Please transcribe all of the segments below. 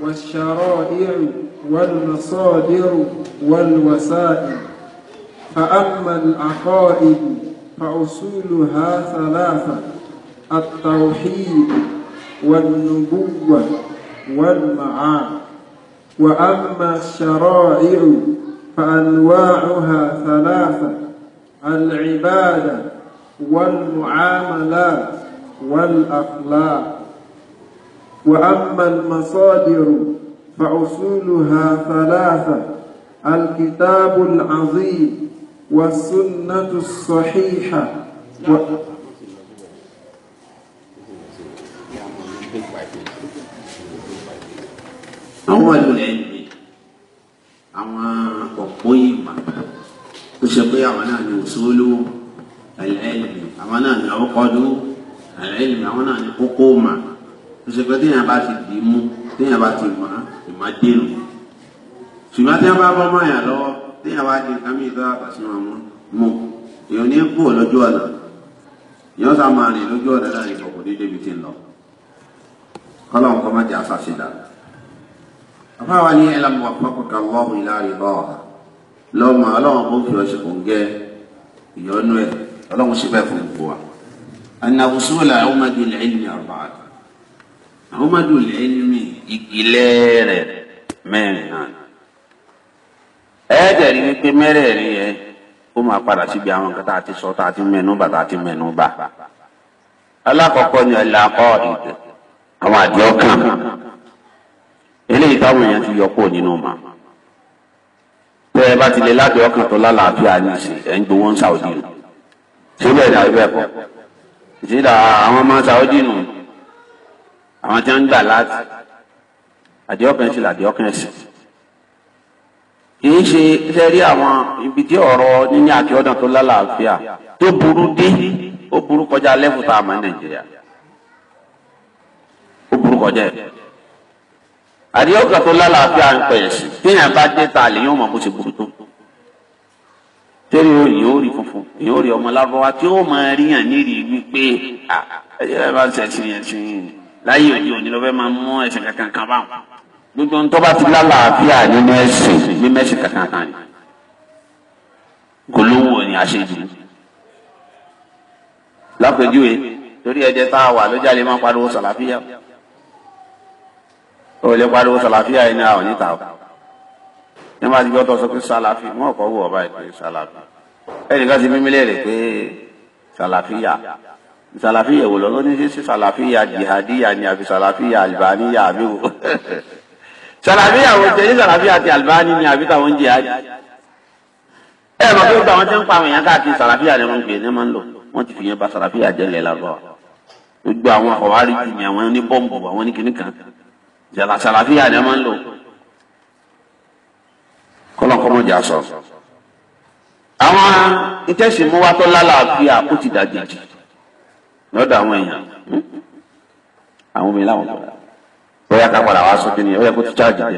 والشرائع والمصادر والوسائل فأما العقائد فأصولها ثلاثة التوحيد والنبوة والمعاد وأما الشرائع فأنواعها ثلاثة العبادة والمعاملات والأخلاق وأما المصادر فأصولها ثلاثة الكتاب العظيم والسنة الصحيحة و... أول العلم أما أقويم تشبيع ونعني أصول العلم أما أنا أقعد العلم أما نعني أقومه ìṣègbè téèyàn bá ti dì í mú téèyàn bá ti mọ̀ ìmọ̀ dènù ṣùgbọ́n téèyàn bá bọ́ mọ̀yàn lọ́wọ́ téèyàn bá di nǹkan mìíràn tó yàtọ̀ sí wọn mú èèyàn ní kú lójú ọ̀nà èèyàn sá máa rìn lójú ọ̀nà láì fọkùn dédé ibi tí ń lọ kọ́lọ́hún kọ́ má jẹ́ àṣàṣe dà àfáwa ní ẹlẹ́mu àpapọ̀kà lọ́hùn ìlàrí bá ọ̀hà lọ́mọ ọlọ́run kò fi ọṣẹ kò ń gẹ ìyọnu ẹ̀ ọlọ́run ṣe bẹ́ẹ̀ fún gbogbo wa. ànàwùsùn làwọn ọmọdé ilẹ̀ ìlú ní àrùbáàdì àwọn má dùn lẹ́yìn mi ìpìlẹ̀ rẹ̀ mẹ́rin náà ẹ̀ẹ́dẹ̀ rí wípé mẹ́rẹ̀ẹ̀rin yẹn ó máa padà síbi àwọn nǹkan tá a ti sọ tá a ti mẹ́nu bà tá a ti mẹ́nu bà alákọ̀ọ́kọ́ ni ẹ̀làkọ́ ìdè àwọn àdìọ́ kan eléyìí táwọn èèyàn ti yọ kúrò nínú màá tẹ ẹ bá ti lè ládùn ọkàn tó lálàáfíà ní ìsìn ẹ ń gbowó ń Saudi nù síbẹ̀ ní àbẹ̀ kọ́ ìsìdá àwọn ọmọ Saudi nù àwọn tí wọ́n ń gbà láti àdéhọ́kàn sí làdéhọ́kàn sí kì í ṣe sẹ́rí àwọn ibi tí ọ̀rọ̀ níní àti ọ̀dàn tó lálàáfíà tó burú dé ó burú kọjá lẹ́fù tá a mọ̀ ní nàìjíríà ó burú kọjá ẹ̀ àdéhọ́kàn tó lálàáfíà ń pẹ̀ sí téèyàn bá dé ta lè yóò mọ̀ bó ṣe burú tó tẹ́lẹ̀ èèyàn ó rí funfun èèyàn ó rí ọmọ lárúbáwá tí ó máa ríyàn ní wípé ẹ bá ń ṣe ẹ̀sìn yẹn láyé òde òní lọ́fẹ́ máa mú ẹ̀sìn kankan kan báwọn gbogbo ń tọ́ba ti lálàáfíà nínú ẹ̀sìn mímọ́ ẹ̀sìn kankan kan ni kò lówó ni àṣejù lápèjúwe torí ẹjẹ tá a wà lójà lè máa pariwo sàlàfíà ò lè pariwo sàlàfíà yìí ní àwọn níta o ní máa ti gbọ́ tó sọ pé sàlàfí wọn kọ́ wọ ọba ìpè sàlàfí ẹnìkan ti mímílẹ̀ rẹ̀ pé sàlàfíà sàlàfíà wò lọ ó ní sí sàlàfíà jihadiya ni àfi sàlàfíà albaniya àbí wò sàlàfíà wò jẹ́ ní sàlàfíà àti albani ni àbí táwọn jihadi. ẹ mọ̀ pé gbogbo àwọn tí ń pa àwọn èèyàn káàkiri sàlàfíà ni wọ́n ń gbé ní máa ń lò wọ́n ti fi yẹn ba sàlàfíà jẹ́ lẹ́la lọ́wọ́ gbogbo àwọn àwárí jù ní àwọn ní bọ́ǹbù àwọn ní kinní kan sàlàfíà ni wọ́n ń lò kọ́lọ́kọ́mọ́jà sọ àwọn ìtẹ̀sìn mú wa tó lálàáfíà ó ti dàjèjì lọ́dọ̀ àwọn èèyàn hmm? àwọn obìnrin láwọn bọ̀ bóyá ká padà wá sókè ni ó kó tún cháàjì dé.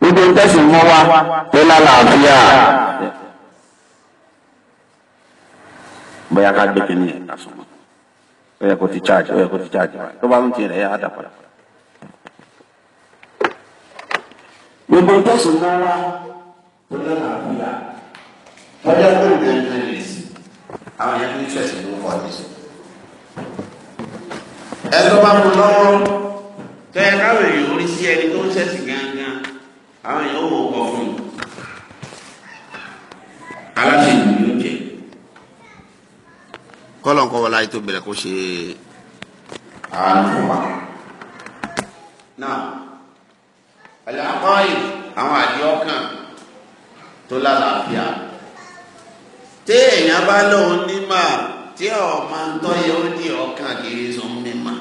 gbogbo ń tẹ̀sí mọ́ wa tó lálàáfíà bóyá ká gbé kínní yẹn lásùnmọ́ ó kó tún cháàjì ó yẹ kó tún cháàjì tó bá ń tiẹ̀ rẹ̀ yá dà padà. gbogbo àwọn yẹn ní church ló kọ ní sí. ẹ̀tọ́ bá mú lọ́wọ́ tó yẹ káwọn èèyàn orí sí ẹni tó ń ṣẹ̀sìn gángan àwọn èèyàn ò wọ́n kọ fún un. aláṣẹ ìlú yóò jẹ. kọ́lọ̀ wọlé ayé tó bẹ̀rẹ̀ kó ṣe àánú wa. náà àlàkọ́ yìí àwọn àdìọ́kàn tó lálàáfíà téèyàn bá lóun ní mà tí ọmọ ntọ́ yẹ ó di ọkàn kiri sùn ní mà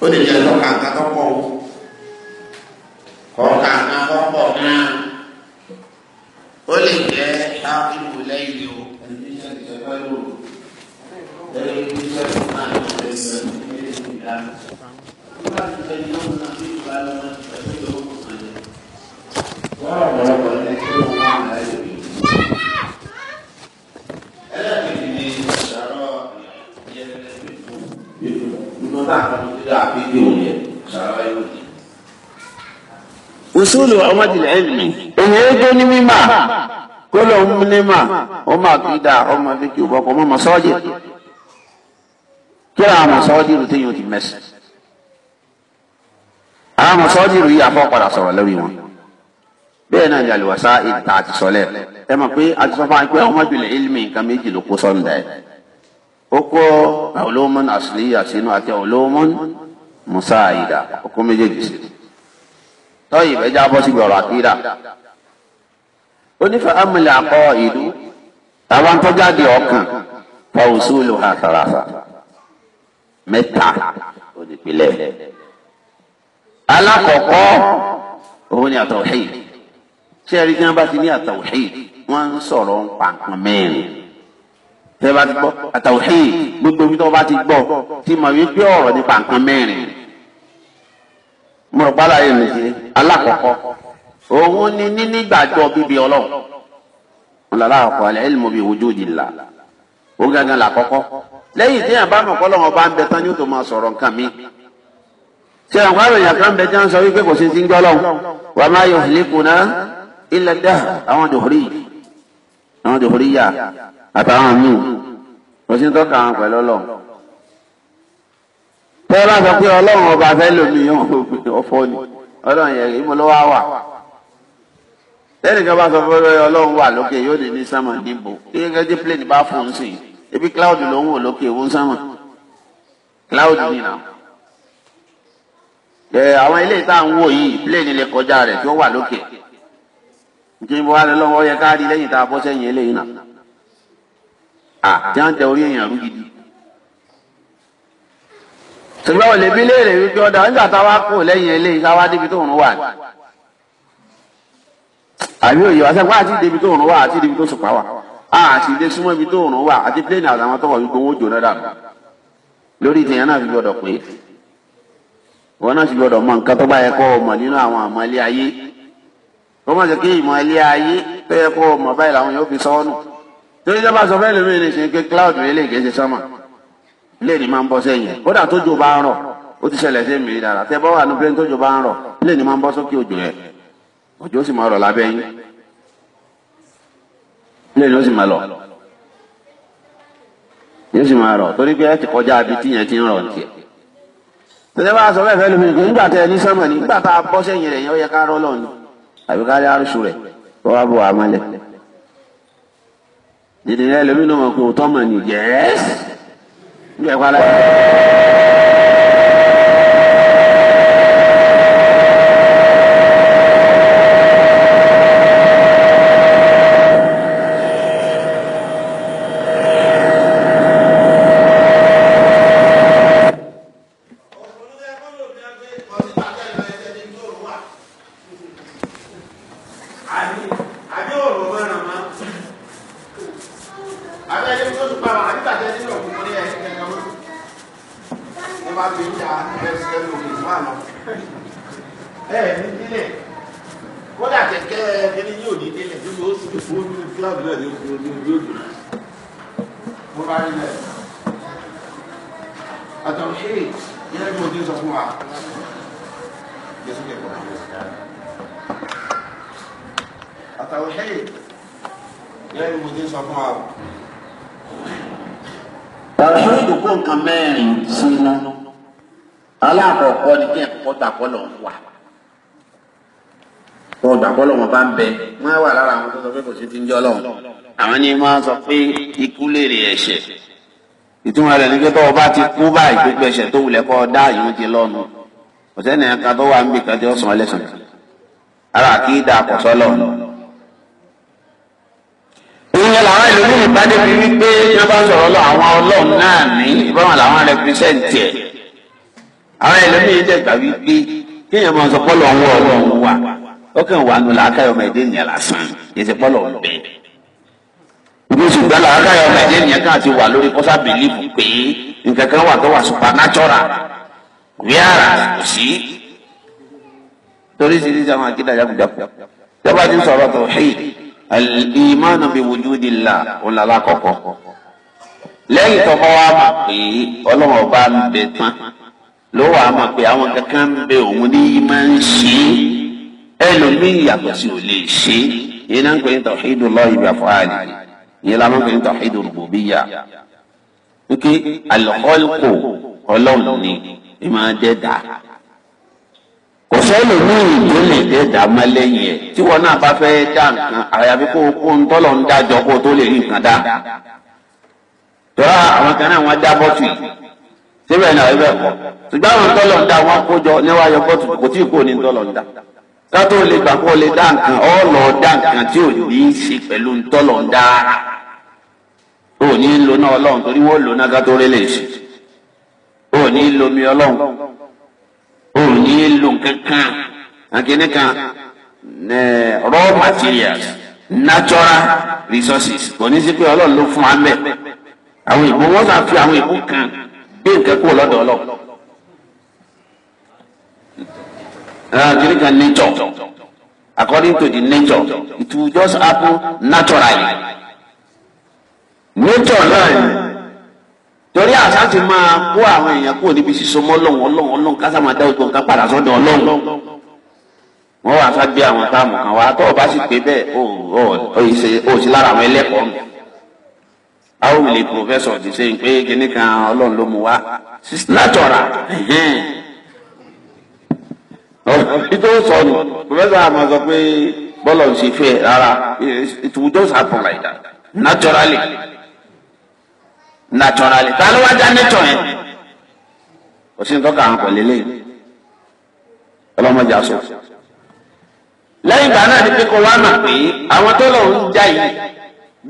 ó lè jẹ́ lọ́kà nǹkan tó pọ̀ o kọ̀ọ̀kà nǹkan tó pọ̀ náà ó lè jẹ́ áfíìmù lẹ́yìn o. Wow, wow, wow. táwọn ọmọ dídá àbídí òun yẹ sàrà yóò di. usulu ọmọdìlẹ ẹlmi èyí égbé ní mímà kólọ ń ní mà ọmọ àkídà ọmọ fíkì òbọkọ ọmọ mọsọọdì kí làwọn mọsọọdì rò téyàn ti mẹsì àwọn mọsọọdì rò yìí àfọwọ́padà sọ̀rọ̀ lórí wọn bẹ́ẹ̀ náà yàlùwàsá ìta àti sọlẹ̀ ẹ mọ̀ pé àti sọ́fà pé ọmọdìlẹ ẹlmi nǹkan méjì ló kó sọ́ńdà ẹ̀ ó kó ulumon asliya sínú àti ulumon musaida ó kó méjèèjì sí tọ́yì bẹ́ẹ̀ jábọ́ sí gbọ̀rọ̀ àkídà ó ní fẹ́ amúlẹ̀ àkọ́ ìlú àwọn tó jáde ọkàn fa usulu ha tàràfà mẹ́ta olùpìlẹ̀ alákọ̀ọ́kọ́ òun ni àtàwùhídì ṣé ẹ̀rí tí wọ́n bá ti ní àtàwùhídì wọ́n ń sọ̀rọ̀ ń pa nǹkan mẹ́rin tẹ́ bá ti gbọ́ àtàwùhí gbogbo omi tó bá ti gbọ́ ti mọ̀ wípé ọ̀rọ̀ nípa nǹkan mẹ́rin mo rò pálá yìí nìyí alákọ̀ọ́kọ́ òun ni nínígbàjọ bíbi ọlọ́run ọ̀làlá ọ̀pọ̀ alẹ́ ẹ̀lì mo bí wujudillah ó gángan làkọ́kọ́ lẹ́yìn tí àbá mọ̀ kọ́lọ́wọ́n bá ń bẹ tán yóò tó máa sọ̀rọ̀ nǹkan mi ṣe àwọn àròyìn kan bẹ jẹ́ ń sọ wípé kò sí ti ń gbọ́ lọ́wọ́ wà má yọ ìlẹ́kùn náà ilẹ̀ dá àwọn dòhórí àwọn dòhórí yà àtàwọn míì kò sí tọ́ka àwọn pẹ̀lú ọlọ́run tẹ́ bá sọ pé ọlọ́run ọba fẹ́ lómi ọ̀fọ́ ni ọlọ́run yẹn ìmọ̀ ló wá wà lẹ́nìkan bá sọ pé ọlọ́run wà lókè yóò ní ní sámà níbo kí gẹ́gẹ́ tí plane bá fò ebi cloud ló ń wò lókè wọ́n sámà cloud ni nà ẹ àwọn ilé ìta ń wò yìí plane lè kọjá tí ó wà lókè yẹ tá à tí a ń tẹ orí èèyàn rú gidi. ṣùgbọ́n ò lè bí léèrè wípé ọ̀dà nígbà táwa kò lẹ́yìn eléyìí táwa débi tó ń wà ní. àbí òye wàá àti débi tó ń wà àti débi tó sùpá wà àti ilé súnmọ́ ibi fi gbọdọ̀ pé wọn náà gbọdọ̀ mọ nǹkan tó bá yẹ kó nínú àwọn àmọ́ ilé ayé kí ìmọ̀ ilé torí ìjọba sọ fẹ́ẹ́ lómi ní ṣe pé cloud rẹ̀ lè kéṣe sọ́mọ̀ lè ní máa ń bọ́ sẹ́yìn kódà tójò bá ń rọ̀ ó ti ṣẹlẹ̀ sí mi dára tẹ́ bọ́ wà ní plane tójò bá ń rọ̀ lè ní máa ń bọ́ sókè òjò yẹn òjò sì máa rọ̀ lábẹ́ yín lè ní ó sì máa lọ yóò sì máa rọ̀ torí pé ẹ ti kọjá ibi tí yẹn ti ń rọ̀ ní tiẹ̀ tẹ́lẹ̀ bá sọ fẹ́ẹ́ fẹ́ẹ́ lómi nígbà tẹ́ ní sọ́mọ̀ nígbà tá a bọ́ sẹ́yìn rẹ̀ yẹn dìde rẹ lómi ló mọ̀ pé òótọ́ bá rí lẹ̀ àtàwọn ṣe yẹn ní mo ti sọ fún wa jésù kẹkọọ àtàwọn ṣe yẹn ní mo ti sọ fún wa. tàwọn ìdókòó nǹkan mẹ́rin sí iná aláàkọ́kọ́ ni kí ẹ̀kọ́ tàkọ́ lọ́ọ́ fún wa wọn gbà pọ́ lọ́wọ́ bá ń bẹ wọ́n wà lára àwọn tó sọ pé kò sí ti ń jọ́ lọ́wọ́ àwọn ni máa sọ pé ikú lèrè ẹ̀ṣẹ̀ ìtumọ̀ rẹ̀ ní pé tọ́wọ́ bá ti kú báyìí gbogbo ẹ̀ṣẹ̀ tó wulẹ̀ kọ́ dá yìí wọ́n ti lọ́nu ọ̀sẹ̀ nìyẹn kan tó wà ń bì kan tí ó sàn ẹlẹ́sàn ara kì í da àkọ́sọ́ lọ́nu. ìyẹn làwọn ìlú ní ìbádé fi wí pé yóò bá sọ̀rọ̀ lọ àwọn ọlọ́run náà ní ìbáwọn làwọn rẹpírẹsẹ̀ǹtì ẹ̀ àwọn ìlú ọkàn wà nù làákàyọ̀ ọmọ ẹ̀dẹ́ nìyẹn lásán yẹsẹ̀ pọ́lọ̀ ń bẹ̀. ìlú ṣùgbọ́n làákàyọ̀ ọmọ ẹ̀dẹ́ nìyẹn káàtì wà lórí kọ́sá bìlífù pé nǹkan kan wà tó wà supernatural wíárà kò sí. torí ṣíṣe àwọn akéde àjàkùjàkù yọba ti ń sọ̀rọ̀ tó hì al-imanu bi wujudillah ọ̀làlá kọ̀kọ́ lẹ́yìn tọ́kọ́ wa mọ̀ pé ọlọ́run ọba ń bẹ tán ló wàá mọ̀ pé àwọn kankan ń bẹ òun ní í máa ń ṣe é. ẹlòmíì yàtọ̀ sí ò lè ṣe é iná ń pè ní tọ̀hídù afọ bí afọ́àlì yìí la máa ń pè ní tọ̀hídù rùbùbíyà wípé àlọ́kọ́lùkù ọlọ́run ni ẹ máa dẹ́ kò sẹ́lòmíì tó lè dẹ́ má lẹ́yìn ẹ̀ tí wọn náà bá fẹ́ dá nǹkan àyàfi kó kó ń tọ́lọ̀ ń dájọ́ kó tó lè rí nǹkan dá tọ́lá àwọn kan náà wọ́n dá bọ́tù síbẹ̀ náà ẹ bẹ́ẹ̀ kọ́ ṣùgbọ́n àwọn tọ́lọ̀ ń dá wọn kátó lè gbà kó lè dá nǹkan ọ̀ọ́lọ́ dá nǹkan tí ò ní í ṣe pẹ̀lú ntọ́lọ̀ ń dára ò ní í lo náà ọlọ́run torí wọ́n lò náà kátó rẹ̀ lè ṣe ò ní í lo mi ọlọ́run ò ní í lo nǹkan kan àkíní kan raw materials natural resources kò ní sí pé ọlọ́run ló fún wa mẹ́ àwọn ìbò wọ́n sàn fi àwọn ìbò kan gbé nǹkan kúrò lọ́dọ̀ ọlọ́run. kìnìún kan nature according to the nature it will just happen naturally nature náà torí àṣà ti máa kó àwọn èèyàn kúrò níbi sísọ mọ́ ọlọ́run ọlọ́run ọlọ́run ká sáà máa dá ojú nǹkan padà sọ́dọ̀ ọlọ́run wọ́n wá sá gbé àwọn táàmù kan wá tó o bá sì pé bẹ́ẹ̀ o ò sí lára àwọn ẹlẹ́kọ̀ọ́ mi how will a professor be saying pé kíní kan ọlọ́run ló mú wá natural nítorí sọ ni pòfẹ́sà àmọ́ sọ pé bọ́lá ò ṣe fẹ́ rárá it will just happen like that naturally naturally ta ló wá já nature yẹn kò sí ní tọ́ka àwọn pẹ̀lú eléyìí ọlọ́mọdé aṣọ. lẹ́yìn ìgbà náà ni pé kó wá mọ̀ pé àwọn tó lọ́ọ́ ń já yìí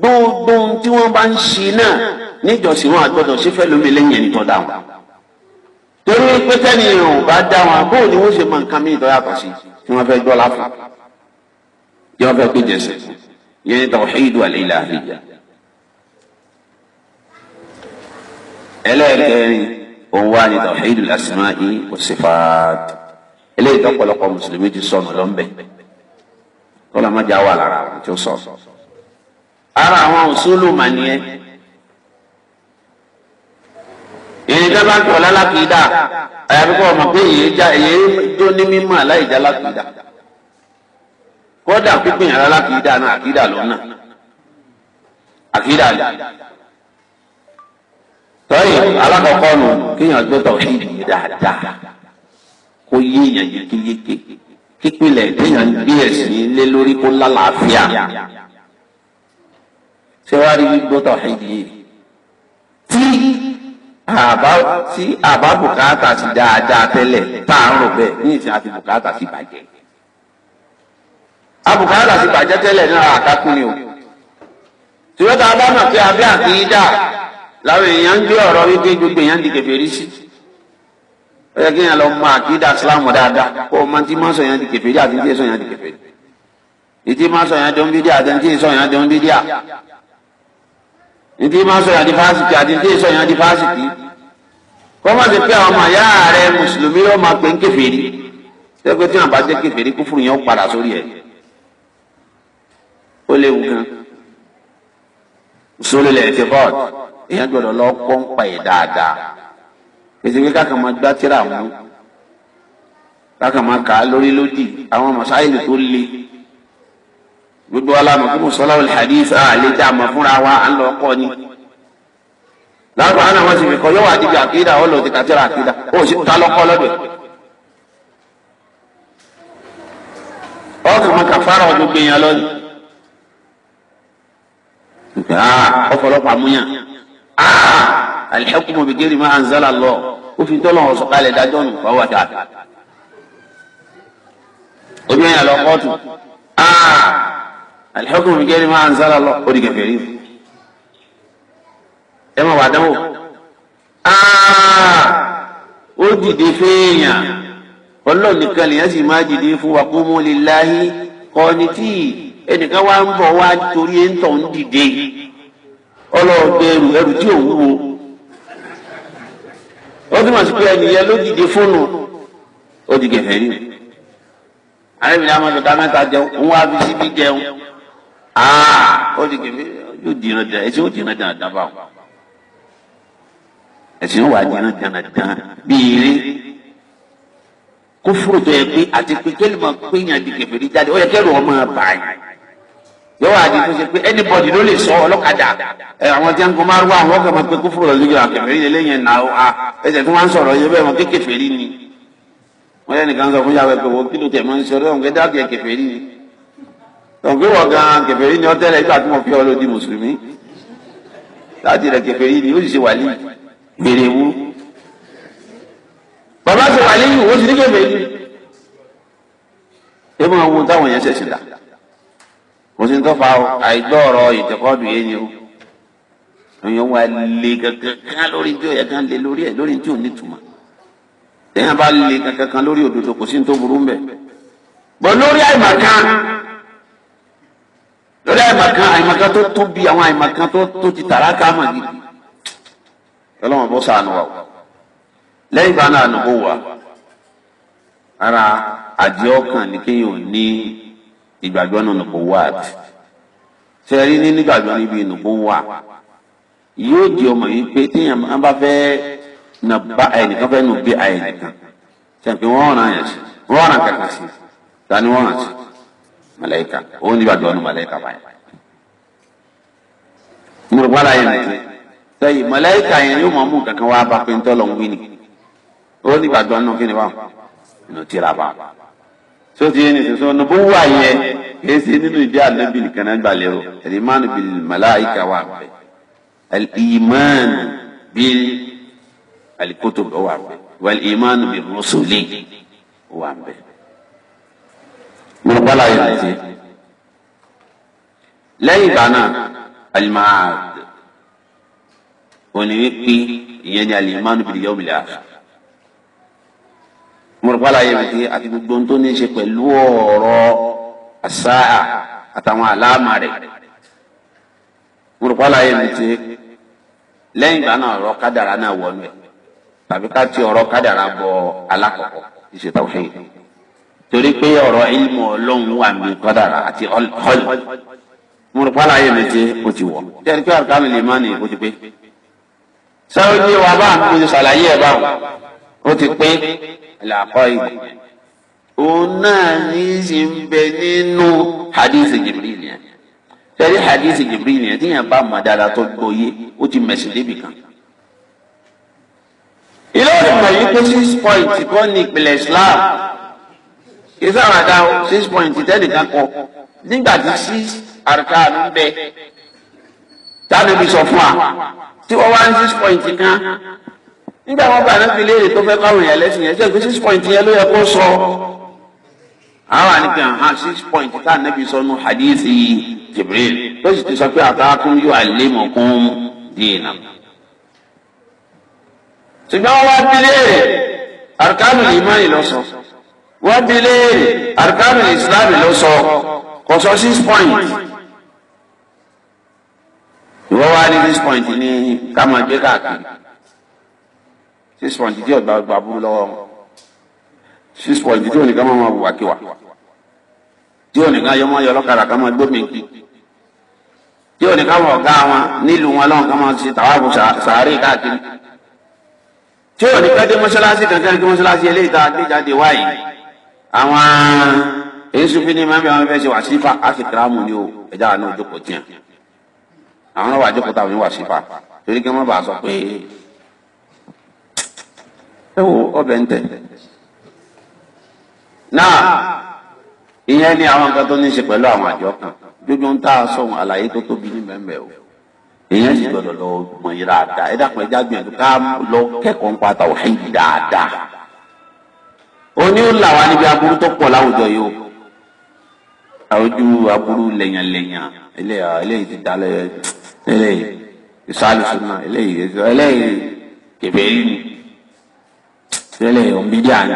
gbogbo tí wọ́n bá ń ṣe náà níjọ́sìn wọn àgbọ́dọ̀ ṣe lómi lẹ́yìn ẹni tó dáhùn torí pé tẹ́ni ò bá dá wọn kó ni wọ́n ṣe mọ nǹkan míì tó yàtọ̀ sí tí wọ́n fẹ́ gbọ́ láfún tí wọ́n fẹ́ pé jẹ̀sẹ̀ yẹn ní tawhidu al-ilahiyya. ẹlẹ́ẹ̀kẹrin òun wá ní tawhidu al-asma'i wa sifat eléyìí tọ́pọ̀lọpọ̀ mùsùlùmí ti sọnù lọ́nbẹ̀ kọ́lá má já wà lára tí ó sọ. ara àwọn òṣùlù mànìyẹn tó bá ń pè ọ́ lálákìídà àyàfi kọ́ ọmọ pé èyí já èyí tó ní mímọ́ aláìjá lákìídà kódà pípín yàrá lákìídà náà àkìídà lọ́nà àkìídà lè tọ́yì alákọ̀ọ́kọ́ nù kéèyàn gbé tọ̀hídì dáadáa kó yéèyàn yékéyéké kípìlẹ̀ kéèyàn gbé ẹ̀sìn lé lórí kó lálàáfíà ṣé wàá rí gbígbó tọ̀hídì yìí àbá tí àbá bùkátà sí dáadáa tẹ́lẹ̀ tá à ń rò bẹ́ẹ̀ ní ìsìn àti bùkátà sí bàjẹ́ abùkátà sí bàjẹ́ tẹ́lẹ̀ náà àkákùn ni o tìrọ́tà abámọ̀ pé abẹ́ àkìídà làwọn èèyàn ń gbé ọ̀rọ̀ wípé gbogbo èèyàn di kèfèrí sí ó yẹ kéèyàn lọ mọ àkìídà sílámù dáadáa kó o mọ tí máa sọ yẹn di kèfèrí àti tí èso yẹn di kèfèrí ìtì máa sọ yẹn dọ́ńbídíà ìdí máa sọ yàn di fásitì àti ìdí sọ yàn di fásitì kọ́mọ̀ sí pé àwọn àyà rẹ mùsùlùmí ó máa pè ń kèfèrí tẹ́gbẹ́ tí wọn bá jẹ́ kèfèrí kúfùrù yẹn ó padà sórí ẹ̀ ó léwu gan sólélẹ̀ ti bọ́ọ̀d èèyàn gbọ́dọ̀ lọ pọ́ńpà ẹ̀ dáadáa èsì pé káàkiri máa gbá tíra mú káàkiri máa kà á lórí lódì àwọn mọ̀sáìlì tó le gbogbo alamọ kó musola wòle hadith a lè dá àmọ fúnra wa à ń lọ kọ ni lárúbá náà wọn sì fi kọ yóò wá dìbò àkídà ó lọ ti kàtẹ́rà àkídà ó sì ta lọ́kọ́ lọ́dọ̀ ọkùnrin mọ kàfàrà ọdún gbìyàn lọ́dọ̀ nǹkan a ọ̀pọ̀lọpọ̀ àmúyàn a al-hukmu bi ghairi anzala Allah ó fi tọ́lọ̀ ọ̀sọ̀ kalẹ̀ dájọ́ nù fáwọn àti àti obìnrin àlọ́ kọ́ọ̀tù a alihamudu mi kẹ́rin máa ń sára lọ ó di kẹfẹ́ rí ẹ má wà dánwò ah! ó dìde fẹ́ẹ̀yàn ọlọ́run nìkan lèyàn sì máa dìde fún wa kó mú lillahi kọ́ni tí ẹnìkan wá ń bọ̀ wá torí ẹ̀ ń tọ̀ ń dìde ọlọ́ọ̀gbẹ́ ẹrù ẹrù tí ò wúwo ó túmọ̀ sí pé ẹnìyẹn ló dìde fóònù ó di kẹfẹ́ rí arábìnrin amadu ká mẹ́ta jẹun òun wá fi síbi jẹun aa ah, ó di kébé yóò di iná dáná ẹsìn ó di iná dáná dáná báwo ẹsìn ó wà di iná dáná dáná bíi ilé kó fúrò tó yẹ pé àti pé kí ẹ lè máa pé yàn di kébé ní jáde ó yẹ kẹrù ọmọ báyìí yóò wá di tó ṣe pé anybody ló lè sọ ọlọ́kadà ẹ àwọn tí wọn kò máa rú àwọn ọkọ̀ máa pé kó fúrò lọ́jọ́ ìgbà kẹfẹ́rí lé lẹ́yìn náà a ah, ẹsẹ̀ tí wọ́n ń sọ̀rọ̀ yẹ bẹ́ẹ̀ wọn kékeré ni wọ́n yẹ nìkan sọ fún yàrá pé wọ́n kí ló tẹ̀ máa ń sọ ọlọ́run kẹ́dá kẹfẹ́rí ògbé wọ̀ gan kèfèrí ni ọ tẹ́lẹ̀ nígbà tí mo fi ọ lọ di mùsùlùmí láti rẹ̀ kèfèrí ni ó sì ṣe wàlí gbèrè wú bàbá ṣe wàlí yìí ó sì ní kèfèrí ẹ máa wo táwọn yẹn ṣẹ̀ṣẹ̀ dà kò sí ní tó fa àìgbọ́ ọ̀rọ̀ ìtẹ̀kọ́dù yẹn ni o èèyàn wa le kankan lórí tí òye kan le lórí ẹ̀ lórí tí ò ní tùmọ̀ tẹ̀yìn bá le kankan lórí òdodo kò sí ní tó burú ń bẹ̀ bọ́ lórí àìmọ̀kan torí àìmọ̀kan àìmọ̀kan tó tóbi àwọn àìmọ̀kan tó ti tàràkà mọ̀ gidi ọlọ́wọ́n bó sànù wa lẹ́yìn ìgbà náà nùbó wa ara àjẹ́ ọkàn ni kéèyàn ò ní ìgbàgbọ́ náà nùbó wa àti ṣe rí ní nígbàgbọ́ níbi nùbó wa yóò di ọmọ yìí pé téèyàn bá fẹ́ nà bá ẹnìkan fẹ́ nù bí ẹnìkan ṣe pé wọ́n ràn yàn wọ́n ràn kankan sí ta ni wọ́n ràn sí màláíkà òun ní ìbàdàn ọ̀nù màláíkà báyìí. mo rò wálá yẹn nìyí sẹ́yìn màláíkà yẹn yóò mọ̀ mú kankan wá bá pé ń tọ́ lọ ń wí ni òun ní ìbàdàn ọ̀nù kí ni wà nù tíra bá so ti yẹn nìyí sọ nùbó wà yẹ kìí nínú ìdí ànábì nìkan náà gbà lérò ẹ̀lìmánu bíi màláíkà wà bẹ́ẹ̀ ẹ̀lìmánu bíi alikutubu wà bẹ́ẹ̀ wal bi rusuli wà bẹ́ẹ̀ mo rò pálá yìí ti lẹ́yìn ìgbà náà alimaad òní wípé ìyẹn ni alimaadu bìrì yọmìlì àfà mo rò pálá yìí ti àti gbogbo ohun tó ní ṣe pẹ̀lú ọ̀rọ̀ àṣàà àtàwọn àlámà rẹ̀ mo rò pálá ti lẹ́yìn ìgbà náà kádàrá náà wọnú ẹ̀ tàbí ká ti ọ̀rọ̀ kádàrá bọ alákọ̀ọ́kọ́ ìṣètò òfin yìí torí pé ọ̀rọ̀ ilmu ọlọ́run wà mí kọ́dàrà àti ọlọ́ọ̀lù mo rò pálá ayé mi ti o ti wọ̀ tẹ́lẹ̀ pé àrùkà mi lè má ní o ti pé sáré ní wa bá mo ti ṣàlàyé ẹ̀ báwọn o ti pé làkọ́ ìgbà òun náà ní í ṣe ń bẹ nínú hadith Jibril yẹn tẹ́lẹ̀ hadith Jibril yẹn tíyẹn bá mọ̀ dáadáa tó gbọ́ yé ó ti mẹ̀sìn débì kan ilé ìgbà yìí pé six point kọ́ ní ìpìlẹ̀ Islam kìí sára dá six point tẹ́nìkan kọ nígbà tí sí àrùkà ló ń bẹ tábìlì bí sọ fún wa tí wọ́n wá ní six point kan nígbà wọn bá anáfi léèrè tó fẹ́ káwọn èèyàn lẹ́sìn yẹn jẹ́ pé six point yẹn ló yẹ kó sọ àwọn àníkàn hàn six point tá ànábì sọ nù hadithi Jibril tó sì ti sọ pé àtàkùn yóò àlémọ̀kún dìínà ṣùgbọ́n wọ́n wá bí léèrè àrùkà yìí má yìí lọ sọ wọ́n bí léèrè arkanu islam ló sọ kò sọ six point ìwọ́n wá ní six point ní kámọ̀ gbé káàkiri six point díẹ̀ ọ̀gbà ọ̀gbà bú lọ́wọ́ six point díẹ̀ oníkan máa wù wákìwà díẹ̀ oníkan yọmọ yọ ọlọ́kadà kan máa gbómi kí díẹ̀ oníkan wọ̀ ọ̀gá wọn nílùú wọn lọ́wọ́ kan máa ṣe tàwáàbù sàárè káàkiri díẹ̀ oníkan dé mọ́ṣáláṣí kankan kí mọ́ṣáláṣí eléyìí tá a gbé jáde wáyé àwọn èsùnfin ni màmí àwọn fẹsẹ wàsífà àfitìrámù ni o ẹja àánú òjòkó tiẹ àwọn náà wà jókòó táwọn ní wàsífà torí kí wọn bá sọ pé ẹ wo ọbẹ ń tẹ náà ìyẹn ni àwọn nǹkan tó ní í ṣe pẹ̀lú àwọn àjọ kan jójó ń tá a sọ̀hún àlàyé tó tóbi ní mẹ́mẹ́ o èèyàn sì gbọdọ̀ lọ mọ̀ yìí dáadáa ẹ dàpọ̀ ẹ jágbìn ẹ̀ ká lọ kẹ́kọ̀ọ́ ń pa tàwọn ẹ̀yìn dáadáa oní ó là wá níbi aburú tó pọ̀ láwùjọ yìí o àwùjọ aburú lẹ̀yànlẹ̀yàn eléyà ah, eléyìí ti dalẹ̀ eléyìí ìsàlùsùnà eléyìí eléyìí kẹfẹ́rì ni eléyìí òǹbíjà ni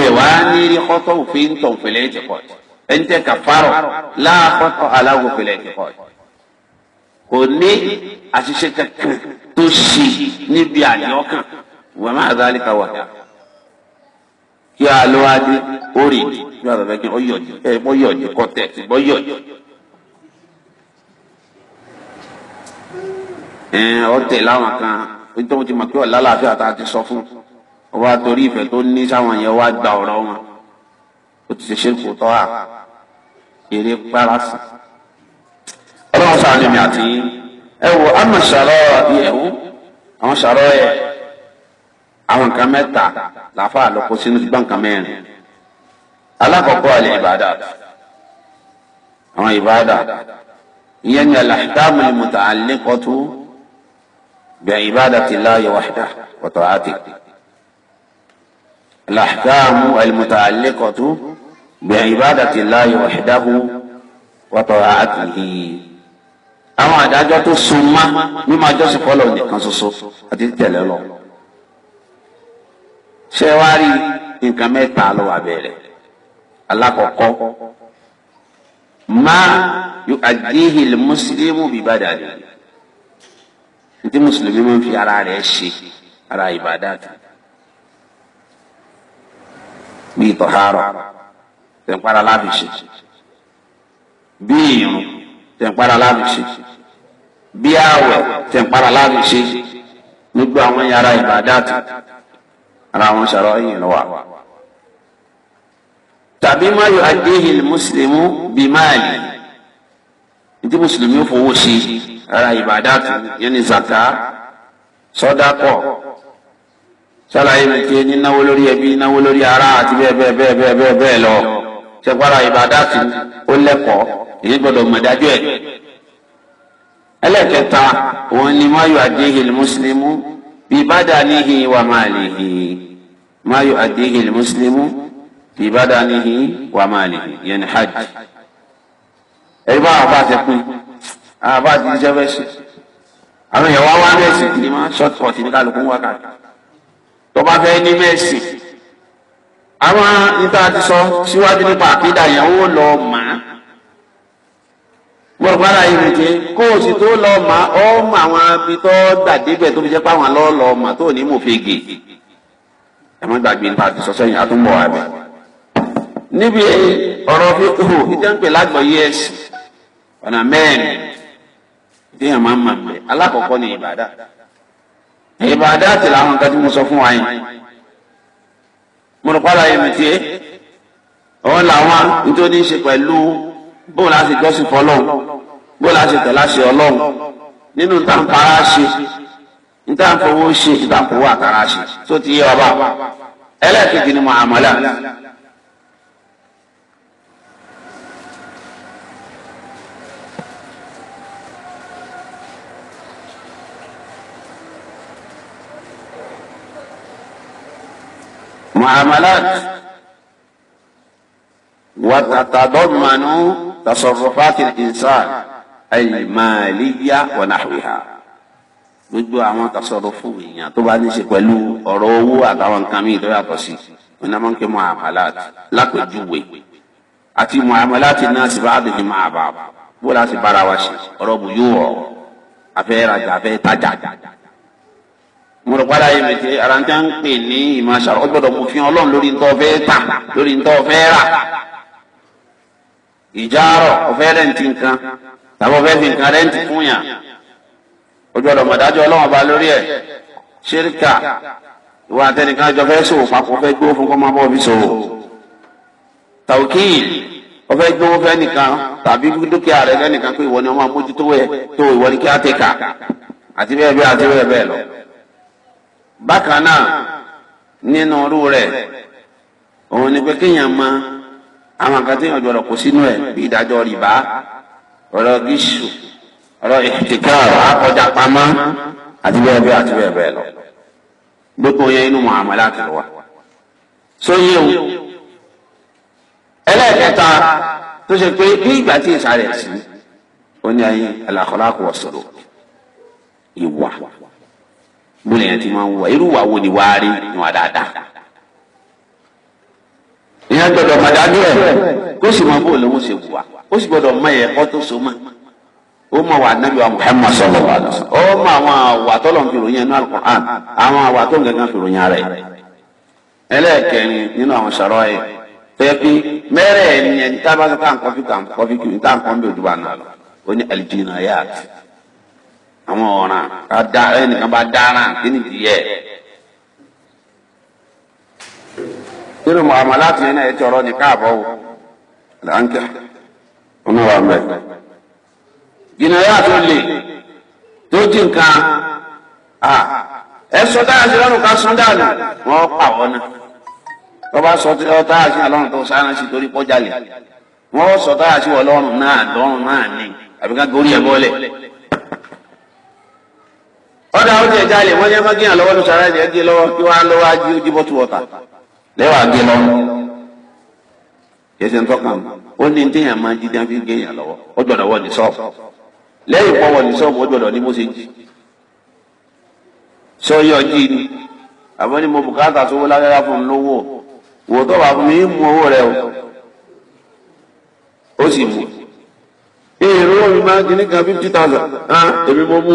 ẹ wá ní rí kọ́tọ̀ òfin tó òfìlẹ̀ ti pọ̀ ẹ̀ ń tẹ́ ka fárọ̀ láàkọ́tọ̀ aláwọ̀ òfìlẹ̀ ti pọ̀ kò ní àṣìṣe kankan tó ṣe níbi àyọkàn wọ́n máa dá àlìkà wà kí a lọ adé orí bí wọ́n bàbá kí ọ yọ̀dí ẹ mọ yọ̀dí kọ́tẹ̀ ṣùgbọ́n yọ̀dí. ọtẹ láwọn kan nítorí wọn ti mọ̀ pé ọ̀la láàfin àtà ti sọ fún ọba torí ìfẹ́ tó ní sáwọn yẹn wá gba ọ̀rọ̀ wọn ó ti ṣe ṣe kò tọ́ à eré párásì. ọlọ́run sáà ni mi àti ẹ wo àmọ̀ ṣàrọ̀ ẹ̀ àwọn ṣàrọ̀ ẹ̀ àwọn nǹkan mẹ́ta làáfà àlọ́kọ sínú ti bá nǹkan mẹ́rin alákọ̀ọ́kọ́ àlẹ́ ìbàdà àwọn ìbàdà ìyẹn ni alàhìkámù ìmùtà àlékọ́tù bẹ̀ ìbàdà ti láàyè wàhídà wọ̀tọ̀ àti alàhìkámù ìmùtà àlékọ́tù bẹ̀ ìbàdà ti láàyè wàhídà wọ̀tọ̀ àti àwọn àdájọ́ tó sunmá mímọ́ àjọṣepọ̀ lọ nìkan ṣoṣo àti tẹ̀lé lọ ṣé wàá rí nǹkan mẹ́ta ló wà bẹ̀rẹ̀ alákọ̀ọ́kọ́ máa yóò àdéhì mùsùlùmí bìbàdà rẹ̀ ntí mùsùlùmí máa ń fi ara rẹ̀ ṣe ara ìbàdà tó bíi tọ̀hárọ̀ tẹ̀ǹpara lábìṣe bíi irun tẹ̀ǹpara lábìṣe bíi àwẹ̀ tẹ̀ǹpara lábìṣe gbogbo àwọn yàrá ìbàdà tó ara àwọn sọ̀rọ̀ yìí lọ wà. tàbí má yọ àdéhì mùsùlùmí bíi máàlì ìdí mùsùlùmí fowó sí ara ìbàdàtù yẹnì zàtà sọdakọ sálàyé mi tiẹ nínáwó lórí ẹbí nínáwó lórí ara àti bẹ́ẹ̀ bẹ́ẹ̀ bẹ́ẹ̀ bẹ́ẹ̀ bẹ́ẹ̀ bẹ́ẹ̀ lọ sẹpàrà ìbàdàtù ó lẹ́kọ̀ọ́ èyí gbọ́dọ̀ mọ̀dájú ẹ̀ ẹlẹ́kẹta òun ni má yọ àdéhì mùsùlùmí. ببدنه وماله ما يؤديه المسلم ببدنه وماله يعني حج ẹ bá àbá ti pin àbá ti jẹ fẹ ṣe àwọn èèyàn wá wá mẹsì kì í máa ṣọọti ọtí ní kálukú wá káàkiri tó bá fẹ ní mẹsì àwọn níta ti sọ síwájú nípa àkídà yẹn ó lọ màá gbọ̀ngbàrà ìrètí kó o sì tó lọ mà ọ́ mà àwọn abi tó dàdébẹ̀ tó fi jẹ́ páwọn lọ́ lọ mà tó ní mò fege ẹ̀mọ́ gbàgbé nípa àti sọ́sọ́ yìí àtúnbọ̀ wà bẹ́ẹ̀. níbi ọ̀rọ̀ fíkù ìjẹ́ǹpẹ̀ lágbọ̀ọ́yé ẹ̀sìn ọ̀nà mẹ́rin ìdíyàn máa ń mà mẹ́ alákọ̀ọ́kọ́ ni ìbàdà ìbàdà àti làwọn nǹkan tí mo sọ fún wa yẹn mo rò pàdà ìrètí bóun láti jọ́sìn fọlọ́run bóun láti tẹ̀lé àṣẹ ọlọ́run nínú táǹpara ṣe ntáǹfowó ṣe ntáǹfowó àtàrà ṣe tó ti yé ọba ẹlẹ́ẹ̀kejì ni muamala. معاملات وتتضمن tasọ̀rọ̀fàtì ìsàn àìmàlíyà wọ̀nàwìhà gbogbo àwọn tasọ̀rọ̀fù èèyàn tó bá ní ṣe pẹ̀lú ọ̀rọ̀ owó àtàwọn nǹkan míì tó yàtọ̀ sí onímọ̀nkẹ́ muamalat lápẹ̀júwe àti muamalat náà sì bá àdìdì máa bá bó láti bára wa ṣe ọ̀rọ̀ bù yóò rọ̀ afẹ́ rajà afẹ́ tajà mọ̀rọ̀pálá yìí mẹ̀tẹ́ ara ń ń pè ní ìmọ̀ ọgbọ́dọ̀ mọ̀ ọlọ́run lórí ntọ́ fẹ́ tà lórí ntọ́ fẹ́ rà ìjárọ̀ ọ̀fẹ́ nǹkan tàbí ọ̀fẹ́ nǹkan fún yàn ojú ọ̀dọ̀ mọ̀dájọ́ ọlọ́wọ́n ba lórí ẹ̀ ṣíríkà ìwà àtẹnìkan jọ fẹ́ sòwò papọ̀ fẹ́ gbówó fún kọ́mọ́ bọ́ọ̀ fi sòwò tàwùkìyìn gbówó nìkan tàbí dúkìá pé ìwọ ni ọmọ amójútó tó ìwọ ni kí á àti àti lọ. bákan náà nínú òun ni pé àwọn nǹkan tó yàn jọ lọ kó sínú ẹ̀ bí ìdájọ́ rìbá ọ̀rọ̀ gíṣù ọ̀rọ̀ ìtìkà akọjá pamọ́ àti bẹ́ẹ̀ bẹ́ẹ̀ àti bẹ́ẹ̀ bẹ́ẹ̀ lọ gbogbo yẹn inú muamala ti wà. sóyè o ẹlẹ́ẹ̀kẹta tó ṣe pé bí ìgbà tí ìsàlẹ̀ sí ó ní ayé al-akhlaq ìwà bóyá ti máa ń wà irú wà wo ni wàá rí ni dáadáa èèyàn gbọ́dọ̀ màdánù ẹ̀ kó sì mọ bóòlù òun ṣe wà ó sì gbọ́dọ̀ mọ ẹ̀kọ́ tó so mọ́ ó mọ wà nábì wa Muhammad sallallahu alaihi wasallam ó mọ àwọn àwà tó lọ́n fi ròyìn ẹnu alukur'an àwọn àwà tó ń gẹ́gẹ́ fi ròyìn ara ẹ̀ ẹlẹ́ẹ̀kẹrin nínú àwọn sọ̀rọ̀ ẹ̀ tẹ́bí mẹ́rẹ̀ ẹ̀ ní ẹni tá a bá sọ káà kọfí kà kọfí tá a kọ́ ń bẹ̀ dùbà náà ó ní aljinayat àwọn ọ̀ràn ẹnìkan bá dáná kí ni ìdíyẹ irú muhammadu àti yẹn náà ẹ tọrọ ní káàbọ̀ wò lànkẹ ọmọ wa mẹ. jìnnàyà tó lè tó jí nǹkan ẹ sọ dáhà sí lọ́rùn ká sún dáàlú wọ́n pa wọ́n náà wọ́n bá sọ dáhà sí ọlọ́run tó sáárá sí torí pọ́jà lè wọ́n sọ dáhà sí ọlọ́run náà dọ́rùn náà ní àbí ká gorí ẹ̀ bọ́lẹ̀ ọ̀dà ó jẹ́ jálè wọ́n jẹ́ mọ́gíyàn lọ́wọ́ tó sáárá ẹ̀ jẹ́ lọ́wọ́ kí wọ́n á lọ́wọ́ á jí ó jí bọ́tù wọ́ta lẹ́wà gé lọ yẹsẹ̀ ń tọ́ka ó ní téèyàn máa jí dáfi gé èèyàn lọ́wọ́ ó gbọ́dọ̀ wọ ní sọ́ọ̀bù lẹ́yìn pọ́wọ́ ní sọ́ọ̀bù ó gbọ́dọ̀ ní bó ṣe jí sọ́yọ́ jí ni àbọ̀ ni mo bùkátà sówó lágbára fún un lówó wò tó bá fún mi mú owó rẹ o ó sì mú èrò mi máa ń kíní kan fifty thousand èmi mo mú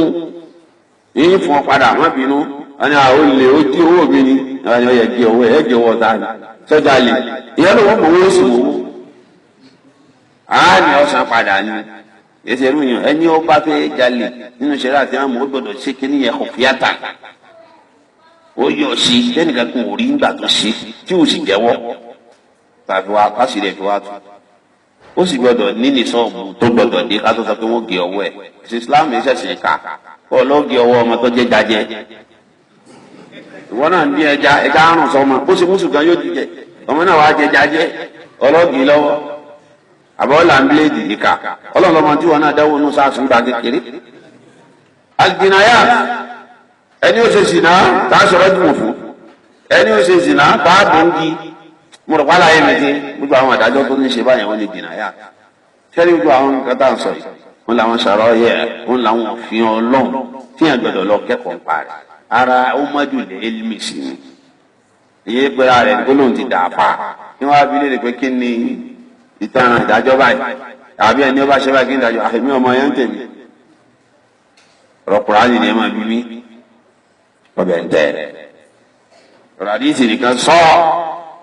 yín fún ọ padà má bínú wọn ni àwọn olè ó dí owó mi ni wọn e ni ọyẹ gé owó ẹ gé owó ọ̀tá ni sọjà lè ìyá ló wọn mọ owó sùn owó àá ní ọsàn padà ni èsì ẹnu yàn ẹni ó bá fẹ́ jalè nínú ìṣẹ̀lẹ̀ àti àmọ́ ó gbọ́dọ̀ ṣe kí nìyẹn kọfíàtà ó yọ sí tẹnìkan kan ò rí nígbà tó ṣe tí ò sì jẹ́wọ́ tàbí wàá kásìrì ẹ fi wàá tù ó sì gbọdọ̀ níní sọ́ọ̀bù tó gbọdọ̀ dé ká sọ pé wọ́n gé ọwọ́ ẹ̀ ìsìlámù ìṣẹ̀ṣẹ̀ ká kọ́ ọ lọ́ọ́ gé ọwọ́ ọmọ tó jẹ́ jajẹ́ ìwọ náà ń dín ẹja ẹja àrùn sọmọ pósìmùsù kan yóò jíjẹ ọmọ náà wàá jẹjà jẹ ọlọ́gì lọ́wọ́ àbọ̀wọ́là ń bíléèdì ìka ọlọ́run lọ́mọ tí wọn náà dáwọ́ inú sásùn gba kékeré. àgbìnàyà ẹni ó ṣe sìnà tá a sọ̀rọ̀ dùn fún ẹni ó ṣe sìnà tá a bọ̀ ń gi mo rò pálá yẹn mẹ́tẹ́ gbogbo àwọn àdájọ́ tó ní ṣe báyẹn wọ́n lè dìnàyà kẹ́rí gbogbo àwọn nǹkan tá à ń sọ yìí wọ́n làwọn ṣàrọ̀ yẹ wọ́n làwọn òfin ara umadul ilmi sí ni ìyẹn pẹ̀lú ara ẹ̀ gbólóhùn ti dà pa kí wọ́n á fi léèrè pé kí ni ìtàn ìdájọ́ báyìí tàbí ẹni ọba ṣe báyìí kí ni ìdájọ́ àfẹ́mí ọmọ yẹn ń tèmi rọpùrọ̀ àyè ni ẹ máa bí mi ọbẹ̀ ń tẹ̀ rọ̀díìsì nìkan sọ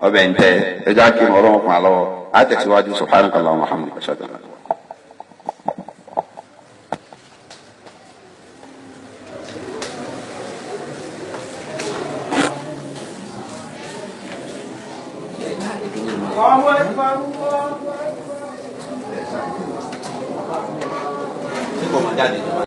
ọbẹ̀ ń tẹ̀ ẹ já kí n ọlọ́run alọ́wọ́ á tẹ̀síwájú subhanahu wa ta'ala muhammadu Allahu Akbar, Allahu Akbar.